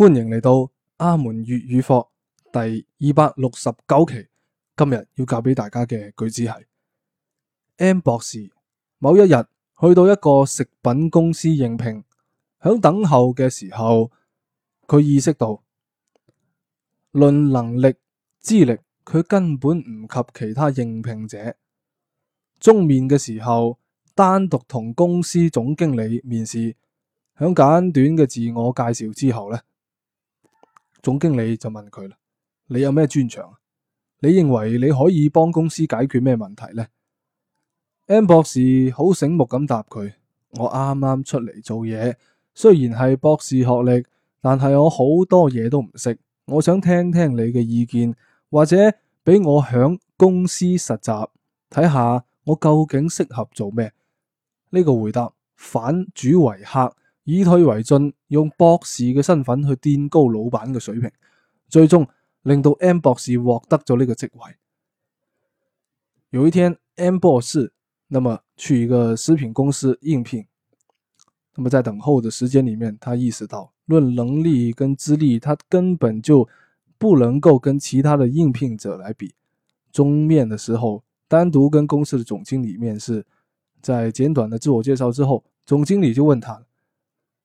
歡迎嚟到阿門粵語課第二百六十九期。今日要教俾大家嘅句子係：M 博士某一日去到一個食品公司應聘，響等候嘅時候，佢意識到論能力、資歷，佢根本唔及其他應聘者。終面嘅時候，單獨同公司總經理面試，響簡短嘅自我介紹之後呢。總經理就問佢啦：你有咩專長？你認為你可以幫公司解決咩問題呢？M 博士好醒目咁答佢：我啱啱出嚟做嘢，雖然係博士學歷，但係我好多嘢都唔識。我想聽聽你嘅意見，或者俾我響公司實習，睇下我究竟適合做咩？呢個回答反主為客。以退為進，用 M 博士嘅身份去墊高老闆嘅水平，最終令到 M 博士獲得咗呢個職位。有一天，M 博士那麼去一個食品公司應聘，那麼在等候的時間裏面，他意識到論能力跟資歷，他根本就不能夠跟其他的應聘者來比。終面的時候，單獨跟公司的總經理面試，在簡短的自我介紹之後，總經理就問他。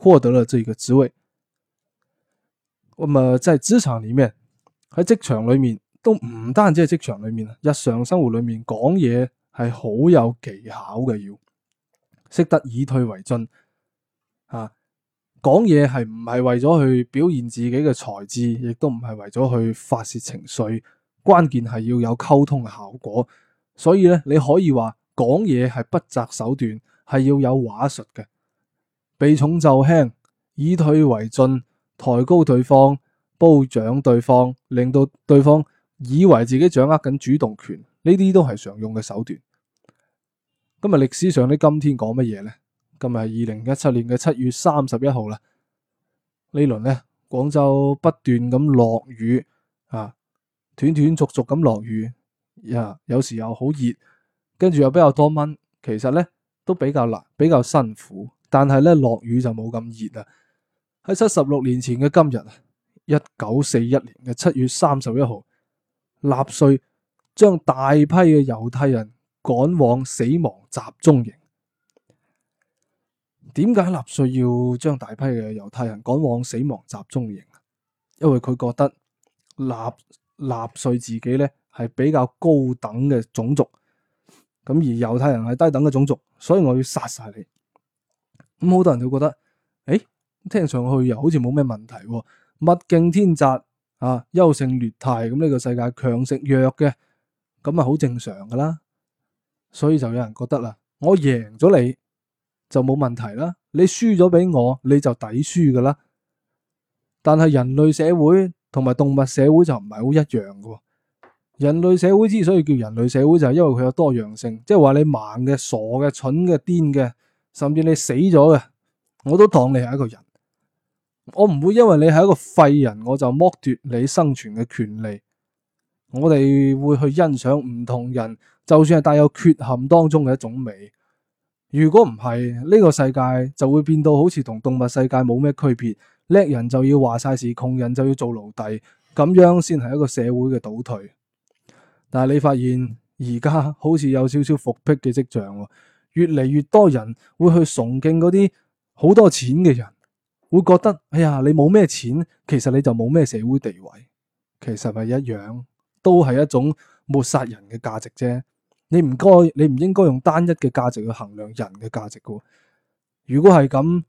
獲得了這個職位，咁啊，在職場裏面，喺職場裏面都唔單止喺職場裏面啊，日常生活裏面講嘢係好有技巧嘅，要識得以退為進，啊，講嘢係唔係為咗去表現自己嘅才智，亦都唔係為咗去發洩情緒，關鍵係要有溝通嘅效果。所以咧，你可以話講嘢係不擇手段，係要有話術嘅。避重就輕，以退為進，抬高對方，褒獎對方，令到對方以為自己掌握緊主動權，呢啲都係常用嘅手段。今日歷史上呢，今天講乜嘢呢？今日係二零一七年嘅七月三十一號啦。呢輪呢，廣州不斷咁落雨啊，斷斷續續咁落雨啊，有時候好熱，跟住又比較多蚊，其實呢，都比較難，比較辛苦。但係咧，落雨就冇咁熱啦。喺七十六年前嘅今日，一九四一年嘅七月三十一號，納粹將大批嘅猶太人趕往死亡集中營。點解納粹要將大批嘅猶太人趕往死亡集中營啊？因為佢覺得納納粹自己咧係比較高等嘅種族，咁而猶太人係低等嘅種族，所以我要殺晒你。咁好多人都覺得，誒，聽上去又好似冇咩問題，啊，物競天擇啊，優勝劣汰，咁、這、呢個世界強食弱嘅，咁咪好正常噶啦。所以就有人覺得啦，我贏咗你就冇問題啦，你輸咗俾我你就抵輸噶啦。但係人類社會同埋動物社會就唔係好一樣噶。人類社會之所以叫人類社會，就係因為佢有多樣性，即係話你盲嘅、傻嘅、蠢嘅、癲嘅。甚至你死咗嘅，我都當你係一個人。我唔會因為你係一個廢人，我就剝奪你生存嘅權利。我哋會去欣賞唔同人，就算係帶有缺陷當中嘅一種美。如果唔係，呢個世界就會變到好似同動物世界冇咩區別。叻人就要話晒事，窮人就要做奴隸，咁樣先係一個社會嘅倒退。但係你發現而家好似有少少復辟嘅跡象。越嚟越多人會去崇敬嗰啲好多錢嘅人，會覺得哎呀，你冇咩錢，其實你就冇咩社會地位，其實係一樣，都係一種抹殺人嘅價值啫。你唔該，你唔應該用單一嘅價值去衡量人嘅價值噶。如果係咁，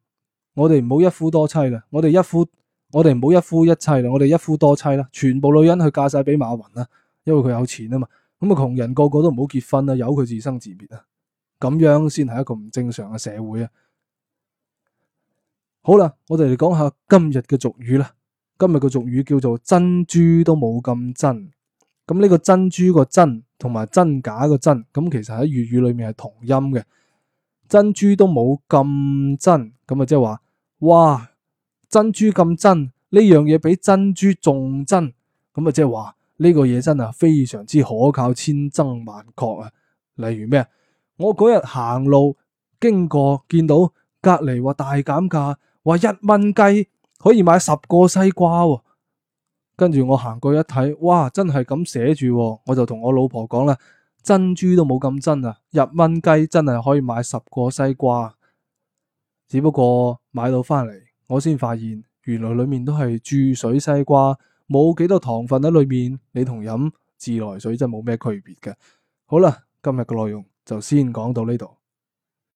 我哋唔好一夫多妻啦，我哋一夫，我哋唔好一夫一妻啦，我哋一夫多妻啦，全部女人去嫁晒俾馬雲啦，因為佢有錢啊嘛。咁啊，窮人個個都唔好結婚啊，由佢自生自滅啊。咁樣先係一個唔正常嘅社會啊！好啦，我哋嚟講下今日嘅俗語啦。今日嘅俗語叫做珍珠都冇咁真。咁呢個珍珠個真同埋真假個真，咁其實喺粵語裏面係同音嘅。珍珠都冇咁真，咁啊即係話哇，珍珠咁真呢樣嘢比珍珠仲真，咁啊即係話呢個嘢真係非常之可靠，千真萬確啊！例如咩啊？我嗰日行路經過，見到隔籬話大減價，話一蚊雞可以買十個西瓜喎。跟住我行過一睇，哇，真係咁寫住喎，我就同我老婆講啦：珍珠都冇咁真啊，一蚊雞真係可以買十個西瓜。只不過買到翻嚟，我先發現原來裏面都係注水西瓜，冇幾多糖分喺裏面，你同飲自來水真係冇咩區別嘅。好啦，今日嘅內容。就先講到呢度。